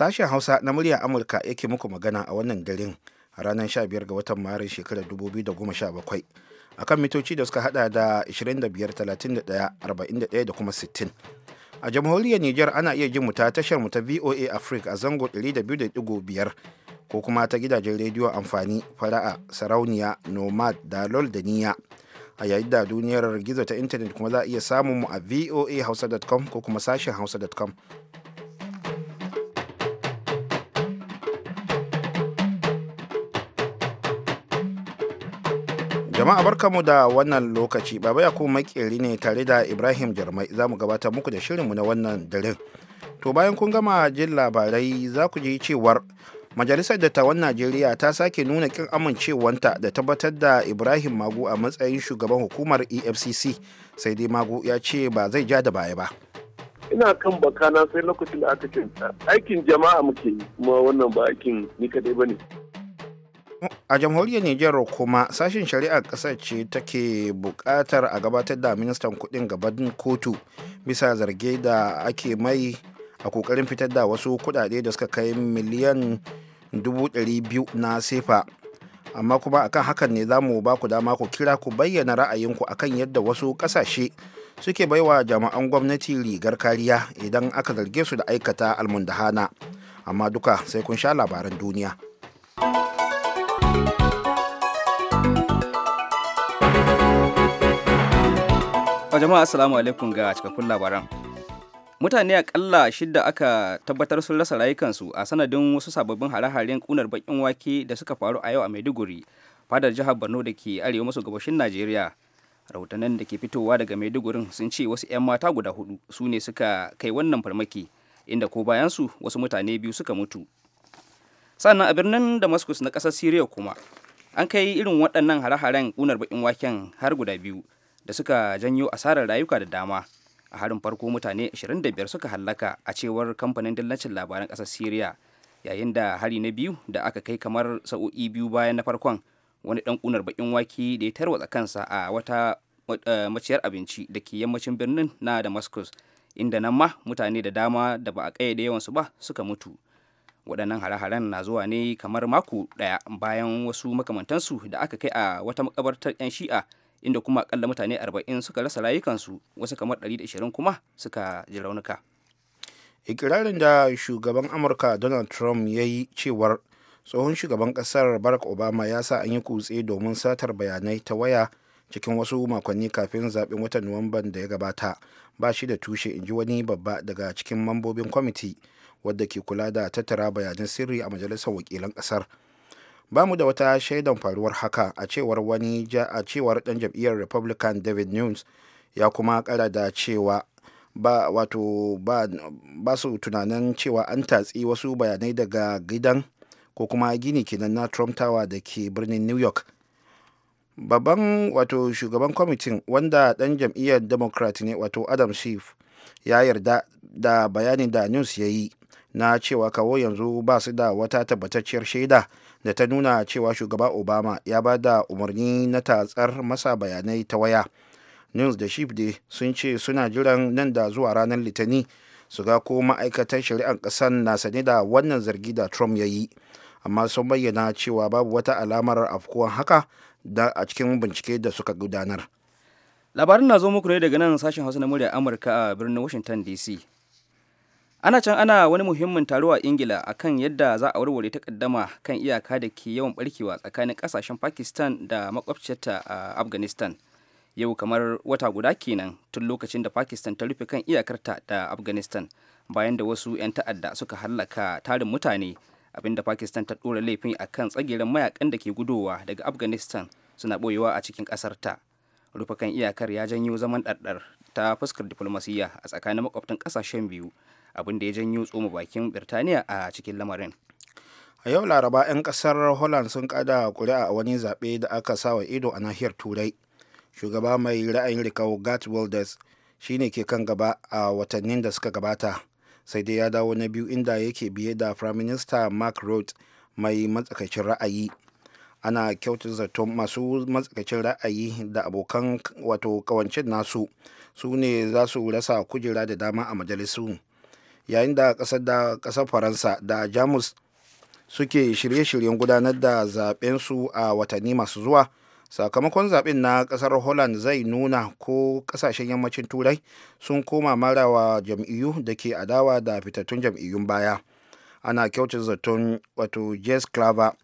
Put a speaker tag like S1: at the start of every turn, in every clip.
S1: Sashen Hausa na muryar Amurka yake muku magana a wannan garin a ranar 15 ga watan Maris shekarar 2017 akan mitoci da suka hada da 25, 31, 41 da kuma 60. A jamhuriyar niger ana iya jin mu ta tashar mu ta VOA Africa a zango 200.5 ko kuma ta gidajen rediyo amfani fara'a sarauniya nomad lol da niya a yayin da duniyar gizo ta intanet kuma za a iya samun mu a voa hausa.com ko kuma sashen hausa.com Jama'a barkamu da wannan lokaci, Baba Yakubu Makeri ne tare da Ibrahim Jarmai za mu gabatar muku da shirinmu na wannan daren. To bayan kun gama jin labarai za ku ji cewar Majalisar Dattawan Najeriya ta sake nuna kin amincewanta da tabbatar da Ibrahim Magu a matsayin shugaban hukumar EFCC sai dai Magu ya ce ba zai ja da baya ba.
S2: ina kan bakana sai lokacin da aka ce aikin jama'a muke yi kuma wannan ba aikin ni kadai ba ne
S1: a jamhuriyar nijar kuma sashen shari'ar ƙasar ce take buƙatar a gabatar da ministan kuɗin gaban kotu bisa zarge da ake mai a ƙoƙarin fitar da wasu kuɗaɗe da suka kai miliyan 200,000 na sefa amma kuma akan hakan ne za mu ba ku dama ku kira ku bayyana ra'ayinku akan yadda wasu ƙasashe suke baiwa jami'an gwamnati rigar kariya idan aka zarge su da aikata almundahana amma duka sai kun sha labaran duniya.
S3: a jama'a assalamu alaikum ga cikakkun labaran mutane akalla shida aka tabbatar sun rasa rayukansu a sanadin wasu sababbin hare-haren kunar bakin wake da suka faru a yau a maiduguri fadar jihar borno da ke arewa maso gabashin najeriya rahotannin da ke fitowa daga maidugurin sun ce wasu 'yan mata guda hudu su ne suka kai wannan farmaki inda ko bayansu wasu mutane biyu suka mutu sannan a birnin damascus na ƙasar syria kuma an kai irin waɗannan hare-haren kunar bakin waken har guda biyu da suka janyo asarar rayuka da dama a harin farko mutane 25 suka hallaka a cewar kamfanin dillacin labaran ƙasar syria yayin da hari na biyu da aka kai kamar sa'o'i biyu bayan na farkon wani ɗan kunar bakin waki da ya tarwatsa kansa a wata eh, maciyar abinci da ke yammacin birnin na damascus inda nan ma mutane da dama da ba a kayyade yawansu ba suka mutu waɗannan hare-haren na zuwa ne kamar mako ɗaya bayan wasu makamantansu da aka kai a wata makabartar 'yan shi'a inda kuma akalla mutane 40 suka rasa layukansu wasu kamar 120 kuma suka ji raunuka
S1: ikirarin da shugaban amurka donald trump ya yi cewar tsohon shugaban kasar barack obama ya sa an yi kutse domin satar bayanai ta waya cikin wasu makonni kafin zaben watan nuwamban da ya gabata ba shi da tushe in ji wani babba daga cikin mambobin kwamiti wadda ke kula da tattara bayanan sirri a majalisar wakilan kasar ba mu da wata shaidan faruwar haka a cewar wani ja a cewar dan jam'iyyar republican david news ya kuma kara da cewa ba wato ba, ba su tunanin cewa an tatsi wasu bayanai daga gidan ko kuma gini kenan na trump tower da ke birnin new york babban wato shugaban kwamitin wanda dan jam'iyyar democrat ne wato adam schiff ya yarda da bayanin da news ya yi na cewa kawo yanzu ba su da wata tabbatacciyar shaida da ta nuna cewa shugaba obama ya ba da umarni na tatsar masa bayanai ta waya news da shif dai sun ce suna jiran nan da zuwa ranar litani su ga ko ma'aikatan shari'ar ƙasar na sane da wannan zargi da trump ya yi amma sun bayyana cewa babu wata alamar afkuwan haka da a cikin bincike da suka gudanar
S3: labarin na zo muku ne daga nan sashen hausa na murya amurka a birnin washington dc ana can ana wani muhimmin taro a ingila akan yadda za a warware takaddama kan iyaka da ke yawan barkewa tsakanin kasashen pakistan da makwabciyarta a afghanistan yau kamar wata guda kenan tun lokacin da pakistan ta rufe kan iyakarta da afghanistan bayan da wasu 'yan ta'adda suka hallaka tarin mutane abinda pakistan ta ɗora laifin a kan tsagirin mayakan da ke gudowa daga afghanistan suna ɓoyewa a cikin ƙasarta rufe kan iyakar ya janyo zaman ɗarɗar ta fuskar diflomasiyya a tsakanin makwabtan ƙasashen biyu abin da ya janyo tsoma bakin birtaniya a cikin lamarin a yau laraba
S1: 'yan kasar holland sun kada kuri'a a wani zaɓe da aka sawa ido a nahiyar turai shugaba mai ra'ayin rikau gat wilders shine ke kan gaba a watannin da suka gabata sai dai ya dawo na biyu inda yake biye da prime minister mark roth mai matsakaicin ra'ayi ana kyautar zaton masu matsakaicin ra'ayi da abokan wato kawancin nasu su ne za su rasa kujera da dama a majalisun. yayin da kasar da kasar faransa da jamus suke shirye-shiryen gudanar da su a watanni masu zuwa sakamakon zaɓen na ƙasar holland zai nuna ko ƙasashen yammacin turai sun koma marawa jam'iyyu da ke adawa da fitattun jam'iyyun baya ana kyauta zaton wato jess clava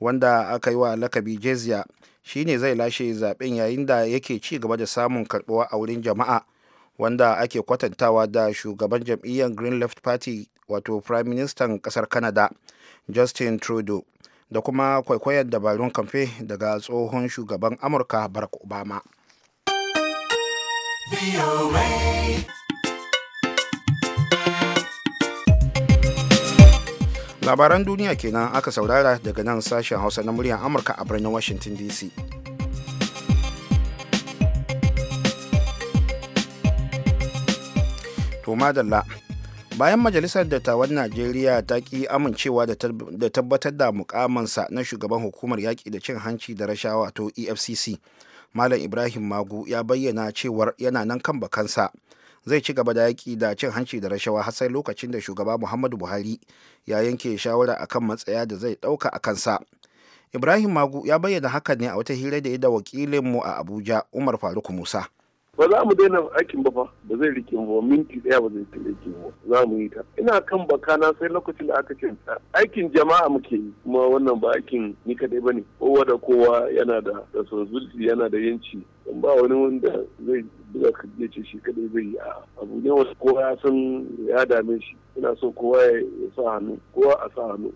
S1: wanda aka yi wa lakabi jezia shine zai lashe zaɓen yayin da yake ci gaba da samun karɓuwa a wurin jama'a wanda ake kwatantawa da shugaban jam'iyyar green left party wato prime minister kasar canada justin trudeau da kuma kwaikwayon dabarun kamfe daga tsohon shugaban amurka barack obama labaran duniya kenan aka saurara daga nan sashen hausa na muryar amurka a birnin washington dc to madalla bayan majalisar dattawan najeriya ta ki amincewa da tabbatar da mukamansa na shugaban hukumar yaƙi da cin hanci da rashawa to efcc malam ibrahim magu ya bayyana cewar yana nan kan bakansa zai ci gaba da yaƙi da cin hanci da rashawa har sai lokacin da shugaba muhammadu buhari ya yanke shawara akan matsaya da zai ɗauka a kansa ibrahim magu ya bayyana haka ne a wata hira da ya da wakilinmu a abuja umar faruk musa
S2: ba za mu daina aikin ba fa ba zai rike ba minti daya ba zai rike ba za mu yi ta ina kan baka na sai lokacin da aka ce aikin jama'a muke yi kuma wannan ba aikin ni kadai bane kowa da kowa yana da da yana da yanci in ba wani wanda zai buga ka ce shi kadai zai yi a abu ne wasu kowa ya san ya dame shi ina so kowa ya sa hannu kowa a sa hannu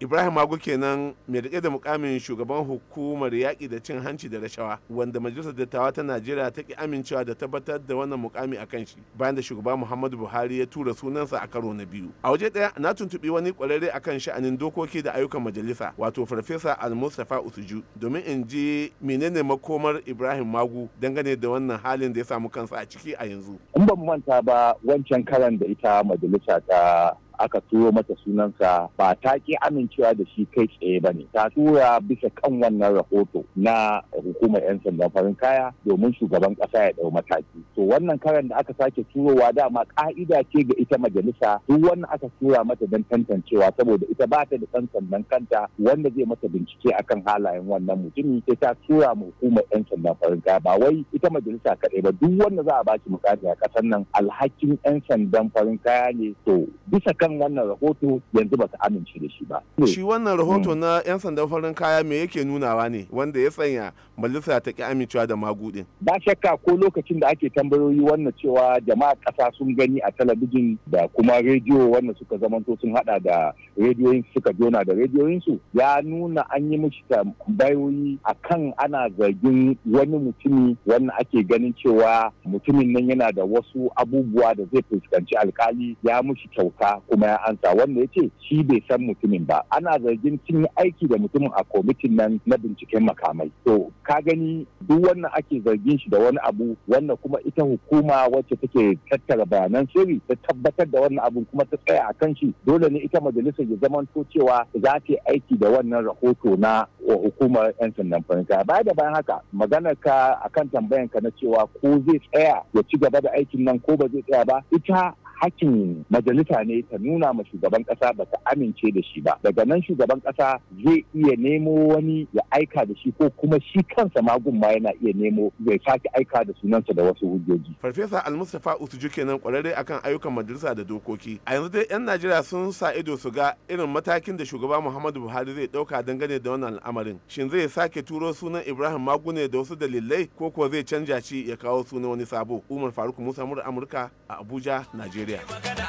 S4: Ibrahim magu kenan mai rike da mukamin shugaban hukumar yaƙi da cin hanci da rashawa wanda majalisar dattawa ta Najeriya ta ki amincewa da tabbatar da wannan mukami a kan shi bayan da shugaba Muhammadu Buhari ya tura sunansa a karo na biyu. A waje ɗaya na tuntuɓi wani ƙwararre akan sha'anin dokoki da ayyukan majalisa wato Farfesa Al-Mustapha Usuju domin in ji menene makomar Ibrahim Magu dangane da wannan halin da ya samu kansa a ciki a yanzu.
S5: In ban manta ba wancan karan da ita majalisa ta aka turo mata sunansa ba ta ki amincewa da shi kai tsaye ba ne ta tura bisa kan wannan rahoto na hukumar 'yan sandan farin kaya domin shugaban kasa ya dau mataki to wannan karan da aka sake turowa dama ka'ida ce ga ita majalisa duk wannan aka tura mata don tantancewa saboda ita ba ta da ɗan sandan kanta wanda zai mata bincike akan halayen wannan mutumi sai ta tura ma hukumar 'yan sandan farin kaya ba wai ita majalisa kaɗai ba duk wanda za a ba shi a ƙasar nan alhakin 'yan sandan farin kaya ne to bisa kan kan wannan rahoto yanzu ba ta amince da shi ba.
S4: Shi wannan rahoto na 'yan sandan farin kaya me yake nunawa ne wanda ya sanya majalisa ta ki amincewa da magudin.
S5: Ba shakka ko lokacin da ake tambayoyi wannan cewa jama'a ƙasa sun gani a talabijin da kuma rediyo wannan suka zamanto sun hada da rediyoyin suka jona da rediyoyinsu ya nuna an yi mishi tambayoyi akan ana zargin wani mutumi wannan ake ganin cewa mutumin nan yana da wasu abubuwa da zai fuskanci alkali ya mushi kyauta kuma ya ansa wanda ya ce shi bai san mutumin ba ana zargin cinye aiki da mutumin a kwamitin nan na binciken makamai ka gani duk wannan ake zargin shi da wani abu wannan kuma ita hukuma wacce take tattara bayanan sirri ta tabbatar da wannan abu kuma ta tsaya a kan shi dole ne ita majalisar ya zamanto cewa za ta aiki da wannan rahoto na hukumar 'yan sandan farinta baya da bayan haka maganar ka akan tambayan ka na cewa ko zai tsaya ya ci gaba da aikin nan ko ba zai tsaya ba ita hakkin majalisa ne ta nuna ma shugaban kasa ba ta amince da shi ba daga nan shugaban kasa zai iya nemo wani ya aika da shi ko kuma shi kansa magun ma yana iya nemo zai sake aika da sunansa da wasu hujjoji
S4: farfesa almustapha usuju kenan kwararre akan ayyukan majalisa da dokoki a yanzu dai yan najeriya sun sa ido su ga irin matakin da shugaba muhammadu buhari zai dauka dangane da wannan al'amarin shin zai sake turo sunan ibrahim magune da wasu dalilai ko kuwa zai canja shi ya kawo sunan wani sabo umar faruk musa mura amurka a abuja najeriya Najeriya.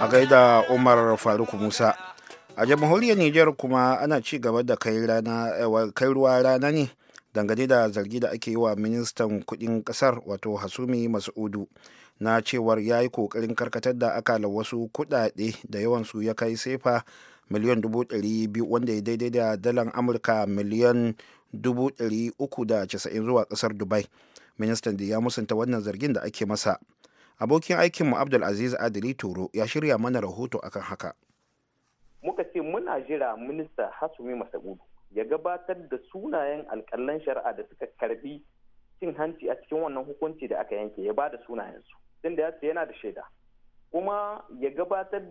S1: A gaida Umar Faruk Musa. A jamhuriyar Nijar kuma ana ci gaba da kai eh, ruwa rana ne dangane da zargi da ake yi wa ministan kudin kasar wato Hasumi Masudu na cewar ya yi kokarin karkatar da akala wasu kudade da yawansu ya kai sefa miliyan dubu wanda ya daidai da dalar amurka miliyan 390 zuwa kasar dubai ministan da ya musanta wannan zargin da ake masa abokin aikinmu abdulaziz adili toro ya shirya mana rahoto akan haka
S6: muka ce muna jira minista hasumi masa'udu ya gabatar da sunayen alkalan shari'a da suka karbi cin hanci a cikin wannan hukunci da aka yanke ya ba da sunayensu tun da ya ce yana da shaida kuma ya gabatar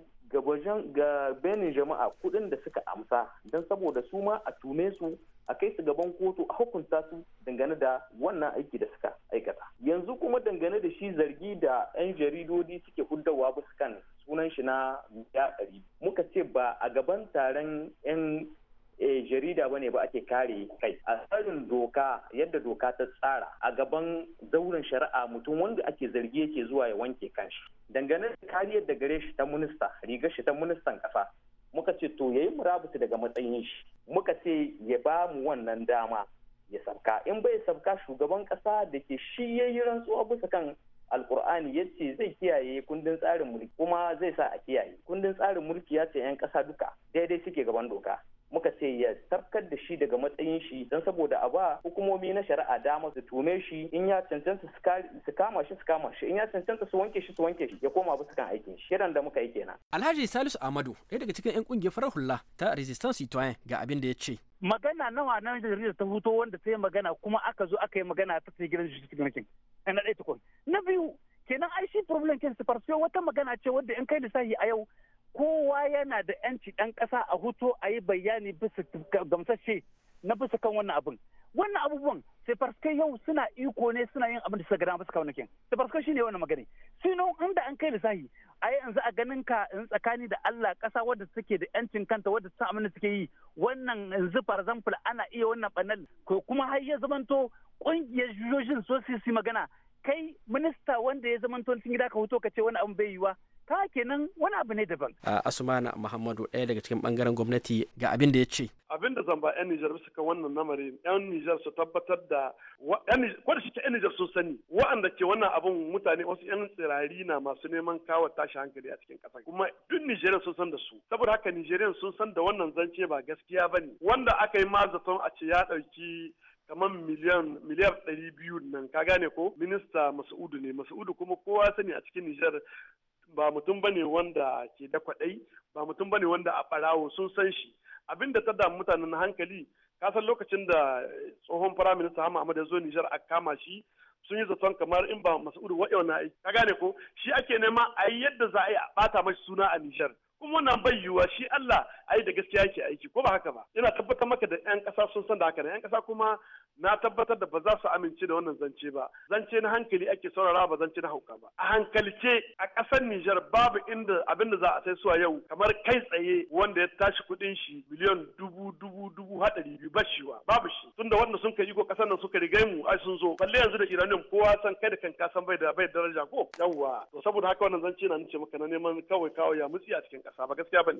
S6: ga benin jama'a kudin da suka amsa don saboda su ma a tume su a kai su gaban kotu a hukunta su dangane da wannan aiki da suka aikata yanzu kuma dangane da shi zargi da 'yan jaridodi suke huddawa bisa kan sunan shi na guda ɗari muka ce ba a gaban taron 'yan e, jarida ba ne ba ake kare kai a tsarin doka yadda doka ta tsara a gaban zauren shari'a mutum wanda ake zargi yake zuwa ya wanke kanshi dangane da kariyar da gare shi ta minista rigar shi ta ministan kasa muka ce to yayi murabuta daga matsayin shi muka ce ya ba mu wannan dama ya sabka in bai sabka shugaban kasa da ke shi rantsuwa bisa kan alkur'ani ya ce zai kiyaye kundin tsarin mulki kuma zai sa a kiyaye kundin tsarin mulki ya ce 'yan ƙasa duka daidai suke gaban doka muka ce ya tafkar da shi daga matsayin shi don saboda a ba hukumomi na shari'a dama su tume shi in ya cancanta su kama shi su kama shi in ya cancanta su wanke shi su wanke shi ya koma bisa kan aikin shi kiran da muka yi kenan Alhaji Salisu amadu ɗaya daga cikin 'yan kungiyar farar hula ta Resistance Citoyen ga abin da ya ce magana nawa nan jaridar ta huto wanda ta yi magana kuma aka zo aka yi magana ta gidan shi cikin na ɗaya na biyu kenan ai shi problem kin wata magana ce wadda in kai lissafi a yau kowa yana da yanci ɗan ƙasa a hutu a yi bayani bisa gamsashe na bisa kan wannan abin wannan abubuwan sai farske yau suna iko ne suna yin abin da suka gada ba su kawo nakin sai farske shi ne wannan magani sino inda an kai lissahi a yanzu a ganin ka in tsakani da Allah kasa wadda suke da yancin kanta wadda ta amina suke yi wannan yanzu for example ana iya wannan banal ko kuma har ya zamanto ƙungiyar jujojin so su magana kai minista wanda ya zama cikin gida ka hoto ka ce wani abu bai yiwa ta kenan wani abu ne daban.
S3: A Asumana Muhammadu ɗaya daga cikin bangaren gwamnati ga abin da ya ce.
S2: Abin da zamba 'yan Nijar su ka wannan lamari 'yan Nijar su tabbatar da ko da shi 'yan Nijar sun sani wa'anda ke wannan abin mutane wasu 'yan tsirari na masu neman kawo tashi hankali a cikin ƙasa kuma duk Nijeriya sun san da su saboda haka nijeriyan sun san da wannan zance ba gaskiya ba ne wanda aka yi ma zaton a ce ya ɗauki kamar miliyan miliyar ɗari biyu nan ka gane ko minista masudu ne masudu kuma kowa sani a cikin nijar ba mutum bane wanda ke da kwaɗai ba mutum bane wanda a ɓarawo sun san shi abin da ta damu mutanen hankali kasan lokacin da tsohon firaminista hama ahmad ya zo nijar a kama shi sun yi zaton kamar in ba masudu wa'yau na aiki ka gane ko shi ake nema a yi yadda za a yi a ɓata mashi suna a nijar in wannan bai yiwuwa shi Allah ai da gaskiya yake aiki ko ba haka ba ina tabbatar maka da yan ƙasa sun san da haka da yan ƙasa kuma na tabbatar da ba za su amince da wannan zance ba zance na hankali ake saurara ba zance na hauka ba a hankalce a kasar Nijar babu inda abin da za a sai suwa yau kamar kai tsaye wanda ya tashi kuɗin shi miliyan dubu dubu dubu haɗari biyu ba shi wa babu shi tunda wanda sun kai iko kasar nan suka riga mu ai sun zo balle yanzu da Iranian kowa san kai da kanka san bai da bai daraja ko yawwa to saboda haka wannan zance na nace maka na neman kawai kawai ya mutsi a cikin kasa ba gaskiya ba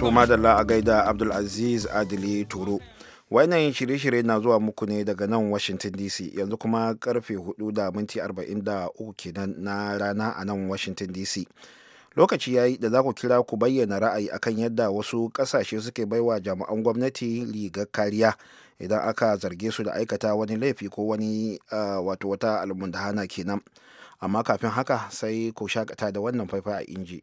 S2: To
S1: madalla a gaida Abdulaziz Adili Turo. Wannan shirye-shirye na zuwa muku ne daga nan Washington DC yanzu kuma karfe 4 da minti 43 kenan na rana a nan Washington DC. Lokaci yayi da za ku kira ku bayyana ra'ayi akan yadda wasu kasashe suke baiwa jami'an gwamnati rigar kariya idan aka zarge su da aikata wani laifi ko wani wato wata almundahana kenan amma kafin haka sai ku shakata da wannan faifai a inji.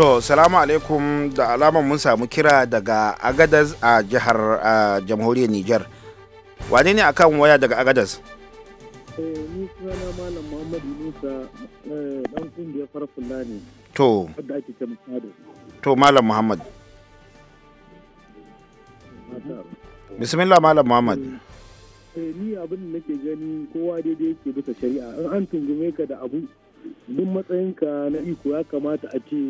S1: to salamu alaikum da alamar mun samu kira daga agadas a jihar jamhuriyar niger wane ne akan waya daga agadas
S7: eh, ni sunana malam muhammadu musa eh, dan kungiyar farfulla ne to wadda ake ce
S1: to malam muhammad bismillah malam muhammad
S7: eh, ni abin da nake gani kowa daidai yake bisa shari'a in an tungume ka da abu duk matsayinka na iko ya kamata a ce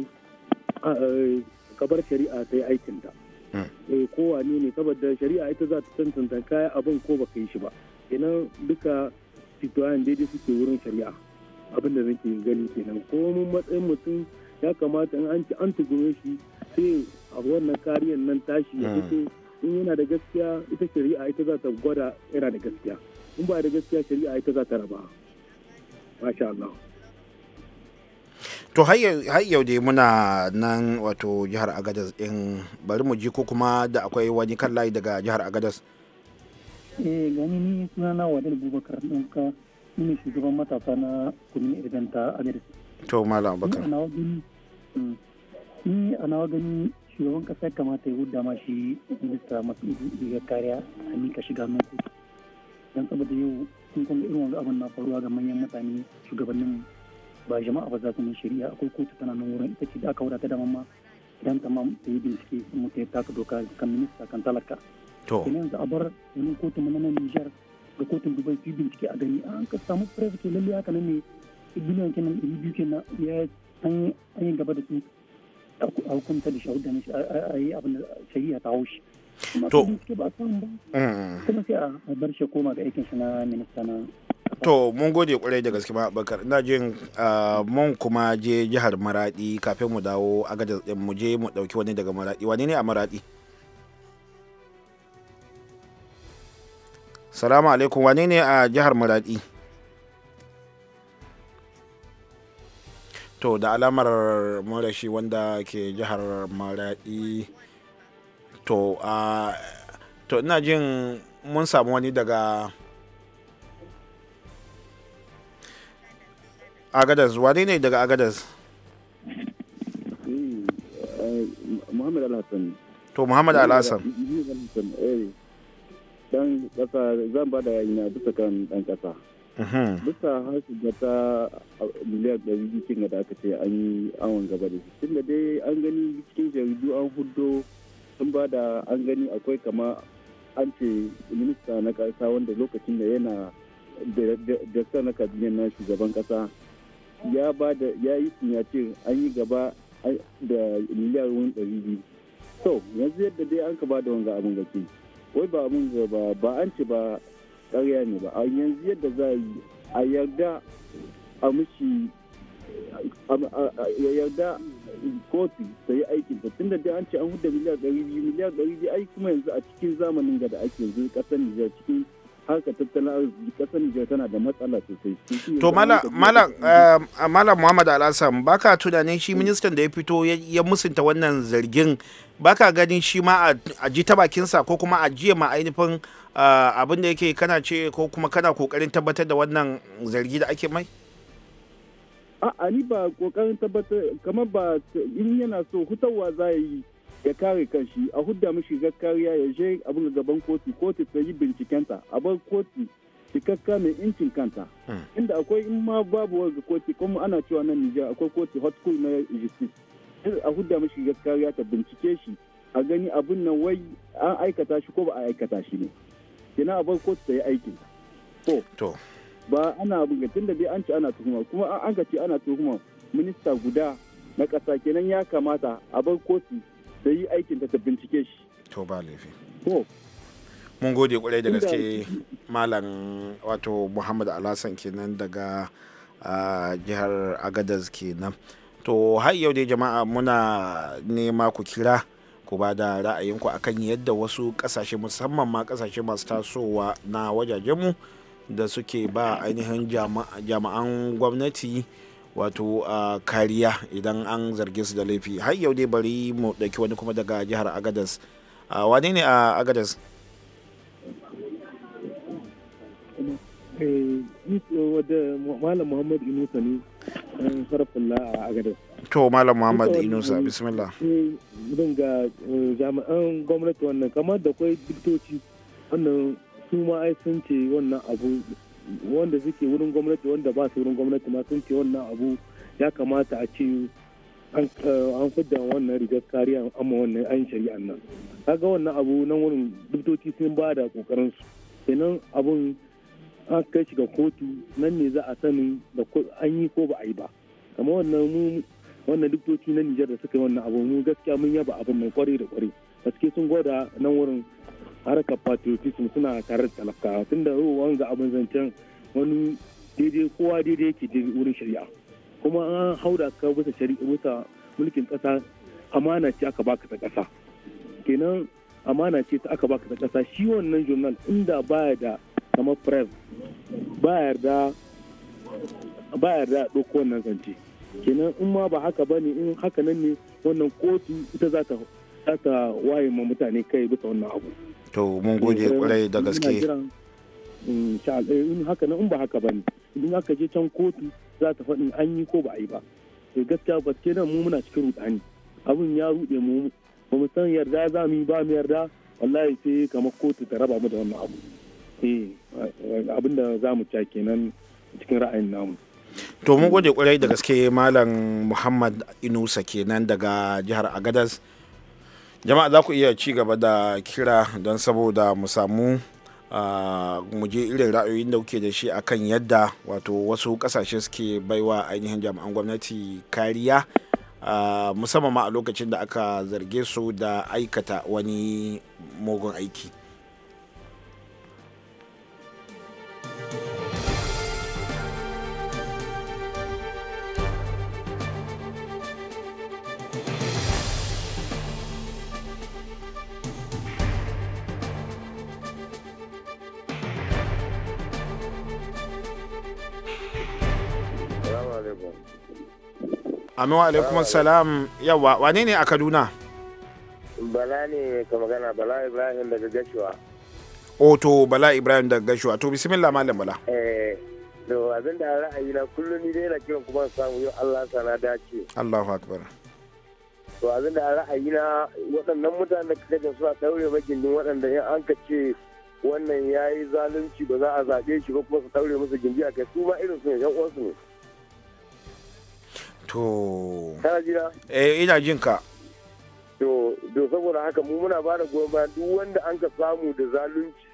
S7: kabar shari'a ta yi aikin ta hmm. eh, kowa ne saboda shari'a ita za ta tantanta kaya abin ko baka yi shi ba kenan duka situayen daidai suke wurin shari'a abin da nake gani kenan ko mun matsayin mutum ya kamata in an ci an tugume shi sai a wannan kariyar nan tashi ya fito hmm. in yana da gaskiya ita shari'a ita za ta gwada yana da gaskiya in ba da gaskiya shari'a ita za ta raba masha Allah
S1: to har yau dai muna nan wato jihar agadas din bari mu ji ko kuma da akwai wani kan layi daga jihar agadas
S7: eh gani ni suna na wadal bubakar ɗanka ni ne shugaban matasa na kumin idan ta agadas
S1: to malam bakar
S7: mm, ni a nawa gani shugaban kasa ya kamata ya wuda ma shi minista masu ya kariya a ka shiga nuku don saboda yau sun kuma irin wani abin na faruwa ga manyan mutane shugabannin ba jama'a ba za su yi shari'a akwai kotu tana nan wurin ita ce da aka wadata da mamma idan ta ma ta yi bincike sun mutu ta ka doka kan minista kan talaka. To. Ina yanzu a bar wani kotu mana nan Nijar da kotun Dubai su yi bincike a gani an ka samu press ke lalle haka nan ne biliyan kenan ɗari biyu kenan ya an yi gaba da su a hukunta da shahudan ne a yi abin da shari'a ta haushi. To. Mm. Kuma sai a bar shi koma ga aikin shi na minista na
S1: to mun gode kwarai da gaske bakar ina jin mun kuma je jihar maradi kafin mu dawo agadar din mu je mu dauki wani daga maradi wani ne a maradi salamu alaikum wani ne a jihar maradi to da alamar marashi wanda ke jihar maradi to a to ina jin mun samu wani daga agadas wane ne daga agadas
S8: eh, muhammad alhassan to muhammad alhassan eh, dan kasa zan ba da yayina bisa kan dan kasa mhm. bisa harshen da ta miliyan ɗari cikin da aka ce an yi awon gaba da shi da dai an gani cikin jaridu an hudo sun ba da an gani akwai kama an ce minista na ƙasa wanda lokacin da yana da na kabinet na shugaban ƙasa ya ba da ya yi sinyacin an yi gaba da miliyar wani ɗari biyu so yanzu yadda dai an ka ba da wanga abin gaske wai ba abin ga ba ba an ce ba ƙarya ne ba a yanzu yadda za a yi a yarda a mishi ya yarda kotu ta yi aikin ta tunda dai an ce an huda miliyar ɗari biyu miliyar ɗari biyu ai kuma yanzu a cikin zamanin ga da ake yanzu ƙasar Nijar cikin harkar tattalin arziki kasar Nijar tana da matsala sosai. To Malam
S1: eh, Muhammad ba baka tunanin shi hmm. ministan da ya fito ya musunta wannan zargin baka ganin shi ma a ji ta bakinsa ko kuma a jiya ma ainihin eh, abin da yake kana ce ko kuma kana kokarin tabbatar da wannan zargi da ake mai?
S8: A'a ni ba kokarin tabbatar kamar ba in yana so hutawa za yi ya kare kanshi a hudda mishi kariya ya je abin gaban kotu kotu ta yi bincikenta a bar kotu cikakka mai incin kanta hmm. inda akwai in ma babu wanda kotu kuma ana cewa nan Nijar akwai kotu hot school na justice a hudda mishi kariya ta bincike shi a gani abin nan wai an aikata shi ko ba a aikata shi ne kenan a bar kotu ta yi aikin to ba ana abin tun da dai an ce ana tuhuma kuma an ka ci ana tuhuma minista guda na ƙasa kenan ya kamata a bar kotu da yi aikin ta bincike shi to ba laifi Ko.
S1: mun gode kwarai da gaske malam wato muhammad alhassan kenan daga jihar agadez kenan to har yau dai jama'a muna nema ku kira ku ba da ra'ayinku akan yadda wasu kasashe musamman ma kasashe masu tasowa na wajajenmu da suke ba ainihin jama'an gwamnati wato kariya idan an zarge su da laifi har yau dai bari mu ɗauki wani kuma daga jihar agadas wane ne a agadas
S7: eh, Malam Muhammad Inusa ne farfalla a agadas
S1: To Malam Muhammad Inusa bismillah.
S7: Zan ga eh, jami'an gwamnati wannan kamar da kwai diktoci wannan su ma ai sun ce wannan abu wanda suke wurin gwamnati wanda ba su wurin gwamnati ma sun ce wannan abu ya kamata a ce an eh, fidda wannan rigar kariya amma wannan an shari'a nan kaga wannan abu nan wurin dubtoci sun ba da kokarin su kenan abun an kai shi ga kotu nan ne za a sani da an yi ko ba a yi ba kamar wannan mu wannan dubtoci na Nijar da suka yi wannan abu mu gaskiya mun yaba abin mai kwarai da kwarai gaske sun gwada nan wurin harkar patriotism suna tare da talakawa tunda wanga abin zancen wani daidai kowa daidai yake daidai wurin shari'a kuma an hauda ka bisa shari'a bisa mulkin kasa amana ce aka baka ta kasa kenan amana ce ta aka baka ta kasa shi wannan journal inda baya da kamar press baya da baya da ɗauko wannan zance kenan in ma ba haka ba ne in haka nan ne wannan kotu ita za ta waye ma mutane kai bisa wannan abu
S1: to mun gode eh, eh, kwarai da gaske
S7: mm, eh, in haka na in ba haka ba ne idan aka je can kotu za ta faɗin an yi ko ba a yi ba to gaskiya ba ce nan mu muna cikin rudani abin ya rude mu ba mu san yarda za mu yi ba mu yarda wallahi sai kamar kotu ta raba mu da wannan abu eh abin da za mu ca kenan cikin ra'ayin namu to mun gode kwarai da
S1: gaske malam muhammad inusa kenan daga jihar agadas
S7: jama'a za ku iya ci
S1: gaba da kira don saboda mu samu mu je irin ra'ayoyin da kuke da shi akan yadda wato wasu kasashe suke baiwa ainihin jami'an gwamnati kariya musamman ma a lokacin da aka zarge su da aikata wani mugun aiki amin alaikum salam yawa wane ne a kaduna
S7: bala ne ka magana bala ibrahim daga gashuwa
S1: oto bala ibrahim daga gashuwa to bismillah malam bala
S7: eh to abin da ra'ayi na kullum ni dai na kiran kuma samu yau Allah sana dace
S1: Allahu akbar
S7: to abin da ra'ayi na waɗannan mutanen da kaga suna daure magindin waɗanda in an ka ce wannan yayi zalunci ba za a zaɓe shi ba kuma su daure masa gindi a kai su ma irin su ne yan uwansu ne
S1: To. Eh ina jin ka.
S7: To do saboda haka mu muna bada goyon bayan duk wanda an ka samu da zalunci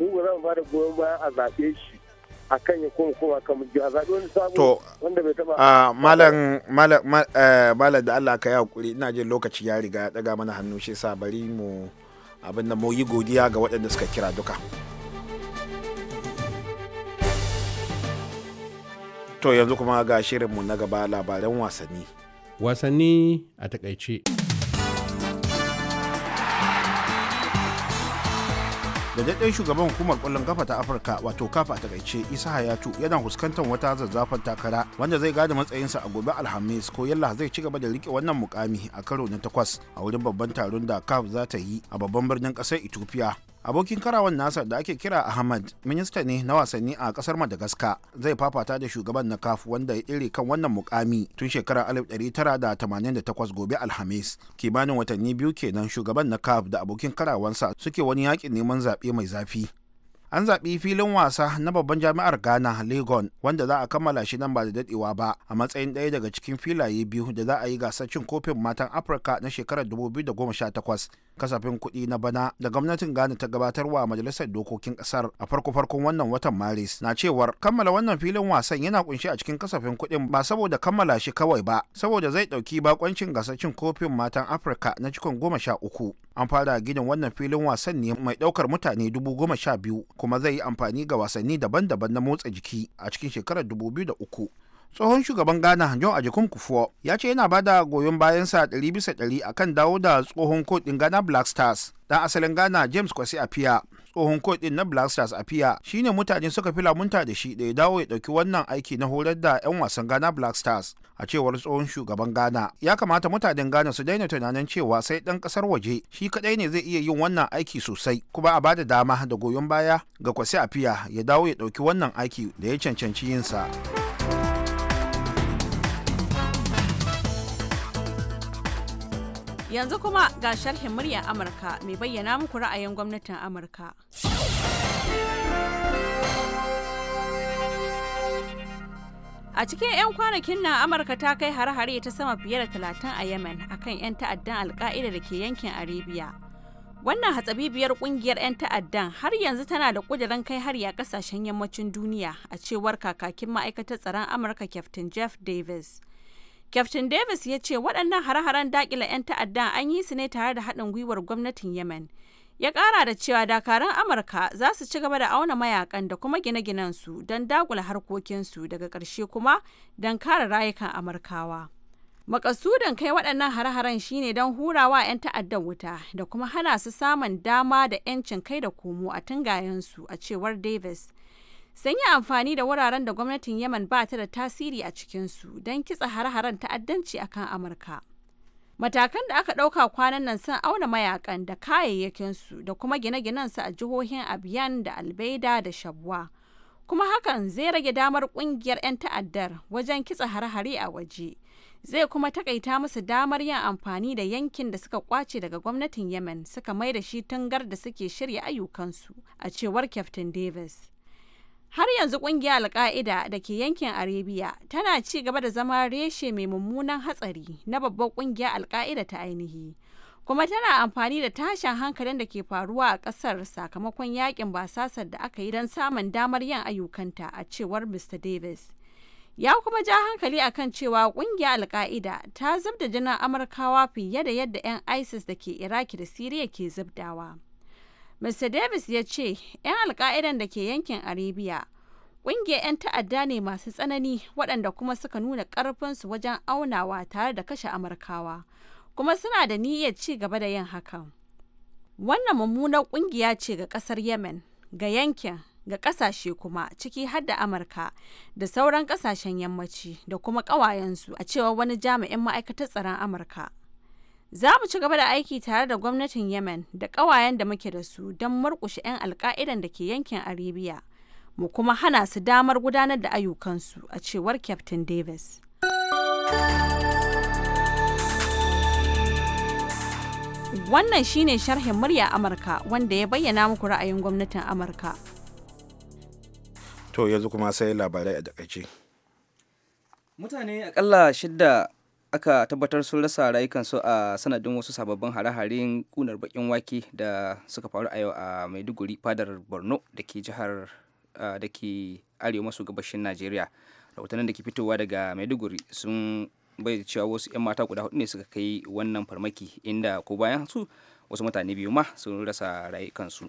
S7: mu ba za mu bada goyon bayan a zaɓe shi a kan ya koma koma kan a zaɓe wani samu wanda bai taɓa. Ah, a malam
S1: malam eh, malam da Allah ka yi hakuri ina jin lokaci ya riga ya ɗaga mana hannu shi sa bari mu abin da mu yi godiya ga waɗanda suka kira duka. to yanzu kuma ga shirinmu na gaba labaran wasanni
S3: wasanni a takaice
S1: da shugaban hukumar ƙwallon kafa ta afirka wato kafa a takaice isa hayatu yana fuskantar wata zazzafan takara wanda zai gada matsayinsa a gobe alhamis ko yalla zai ci gaba da rike wannan mukami a karo na takwas a wurin babban taron da kaf za ta yi a babban birnin ƙasar ethiopia abokin karawan nasa da ake kira ahmad minista ne na wasanni a kasar madagascar zai fafata da shugaban na kaf wanda ya iri kan wannan mukami tun shekarar 1988 gobe alhamis kimanin watanni biyu kenan shugaban na kaf da abokin karawansa suke wani yakin neman zaɓe mai zafi an zaɓi filin wasa na babban jami'ar ghana legon wanda za a kammala shi nan ba da daɗewa ba a matsayin ɗaya daga cikin filaye biyu da za a yi gasar cin kofin matan afirka na shekarar 2018 kasafin kuɗi na bana da gwamnatin Ghana ta gabatarwa majalisar dokokin ƙasar a farko-farkon wannan watan Maris na cewar kammala wannan filin wasan yana kunshi a cikin kasafin kuɗin ba saboda kammala shi kawai ba saboda zai ɗauki bakoncin gasashin kofin matan Afirka na cikin goma sha uku. An fara ginin wannan filin wasan ne mai ɗaukar mutane dubu goma sha biyu kuma zai yi amfani ga wasanni daban-daban na motsa jiki a cikin shekarar dubu biyu da uku. tsohon shugaban ghana john ajikun kufuwa ya ce yana bada goyon bayansa ɗari bisa ɗari kan dawo da tsohon kodin ghana black stars dan asalin ghana james kwasi apia tsohon koɗin na black stars apia shine mutane suka fi lamunta da shi da ya dawo ya ɗauki wannan aiki na horar da 'yan wasan ghana black stars a cewar tsohon shugaban ghana ya kamata mutanen ghana su daina tunanin cewa sai dan kasar waje shi kaɗai ne zai iya yin wannan aiki sosai kuma a bada dama da goyon baya ga kwasi apia ya dawo ya ɗauki wannan aiki da ya cancanci yinsa. sa
S9: Yanzu kuma ga sharhin murya Amurka mai bayyana muku ra'ayin gwamnatin Amurka. A cikin 'yan kwanakin nan Amurka ta kai hare-hare ta sama fiye da talatin a Yemen akan 'yan ta'addan alka'ida da ke yankin Arabia. Wannan biyar kungiyar 'yan ta'addan har yanzu tana da kudirin kai har ya kasashen yammacin duniya a cewar kakakin ma'aikatar tsaron Amurka Captain Jeff Davis. Kyaftin Davis ya ce waɗannan hare-haren dakila 'yan ta'adda an yi su ne tare da haɗin gwiwar gwamnatin Yemen. Ya ƙara da cewa dakarun Amurka za su ci gaba da auna mayakan da kuma gine-ginen su don dagula harkokinsu daga ƙarshe kuma don kare rayukan Amurkawa. Makasudan kai waɗannan hare-haren shine don hurawa 'yan ta'addan wuta da kuma hana su samun dama da 'yancin kai da komo a tungayensu a cewar Davis. sun yi amfani da wuraren da gwamnatin Yemen ba ta da tasiri a cikinsu don kitsa har-haren ta'addanci a kan Amurka. Matakan da aka ɗauka kwanan nan sun auna mayakan da kayayyakinsu da kuma gine-ginensu a jihohin Abiyan da Albaida da Shabwa. Kuma hakan zai rage damar ƙungiyar 'yan ta'addar wajen kitsa har-hare a waje. Zai kuma takaita musu damar yin amfani da yankin da suka kwace daga gwamnatin Yemen suka mai da shi tungar da suke shirya ayyukansu, a cewar Captain Davis. Har yanzu kungiya Alka'ida da ke yankin Arabia tana ci gaba da zama reshe mai mummunan hatsari na babbar kungiya Alka'ida ta ainihi. Kuma tana amfani da tashin hankalin da ke faruwa a ƙasar sakamakon yakin basasar da aka yi don samun damar yin ayyukanta a cewar Mr. Davis. ya kuma ja hankali akan cewa kungiya alka'ida ta zubda jinin amurkawa fiye da yadda 'yan isis da ke iraki da siriya ke zubdawa Mr. Davis ya ce 'yan alka'idan da ke yankin Arabia ƙungiyar 'yan ta'adda ne masu tsanani waɗanda kuma suka nuna ƙarfinsu wajen aunawa tare da kashe Amurkawa, kuma suna da niyyar ci gaba da yin hakan. Wannan mummunar ƙungiya ce ga ƙasar Yemen, ga yankin, ga ƙasashe kuma ciki har da Amurka da sauran ƙasashen yammaci da kuma ƙawayensu a cewar wani jami'in ma'aikatar tsaron Amurka. Za mu ci gaba da aiki tare da gwamnatin Yemen da kawayen da muke da su don murkushe 'yan alka'idan da ke yankin Arabia, mu kuma hana su damar gudanar da ayyukansu a cewar Captain Davis. Wannan shine sharhin murya Amurka wanda ya bayyana muku ra'ayin gwamnatin Amurka.
S1: To yanzu kuma sai labarai a takaice.
S3: Mutane akalla shidda aka tabbatar sun rasa rayukansu a sanadin wasu sababbin hare-haren kunar bakin wake da suka faru a yau a maiduguri fadar borno da ke jihar da ke arewa maso gabashin najeriya rahotannin da ke fitowa daga maiduguri sun bai cewa wasu 'yan mata guda hudu ne suka kai wannan farmaki inda ko bayan su wasu mutane biyu ma sun rasa rayukansu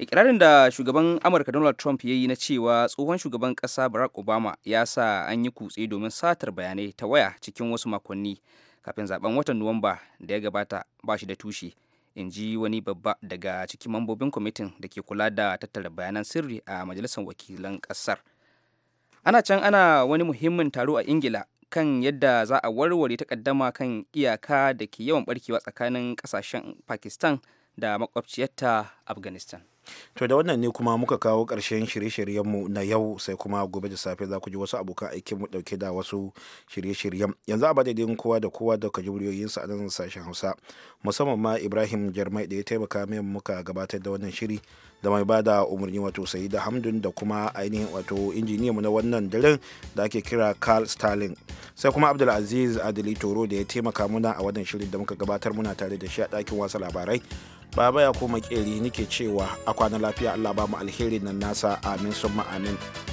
S3: ikirarin da shugaban amurka donald trump ya yi na cewa tsohon shugaban kasa barack obama ya sa an yi kutse domin satar bayanai ta waya cikin wasu makonni kafin zaben watan nuwamba da ya gabata ba shi da tushe in ji wani babba daga cikin mambobin kwamitin da ke kula da tattara bayanan sirri a majalisar wakilan kasar ana can ana wani muhimmin taro a ingila kan yadda za a warware takaddama kan iyaka da ke yawan barkewa tsakanin kasashen pakistan da makwabciyarta afghanistan
S1: to da wannan ne kuma muka kawo ƙarshen shirye-shiryenmu na yau sai kuma gobe da safe za ku ji wasu abokan mu ɗauke da wasu shirye-shiryen yanzu a madadin kowa da kowa da ka juriyoyinsa a nan sashen hausa musamman ma ibrahim jarmai da ya taimaka min muka gabatar da wannan shiri da mai bada umarni wato sai da hamdun da kuma ainihin wato injiniya mu na wannan daren da ake kira carl stalin sai kuma abdulaziz adili toro da ya taimaka muna a wannan shirin da muka gabatar muna tare da shi a ɗakin wasa labarai baba ya koma keri nike cewa a kwana lafiya allah ba mu alheri nan nasa amin summa
S5: amin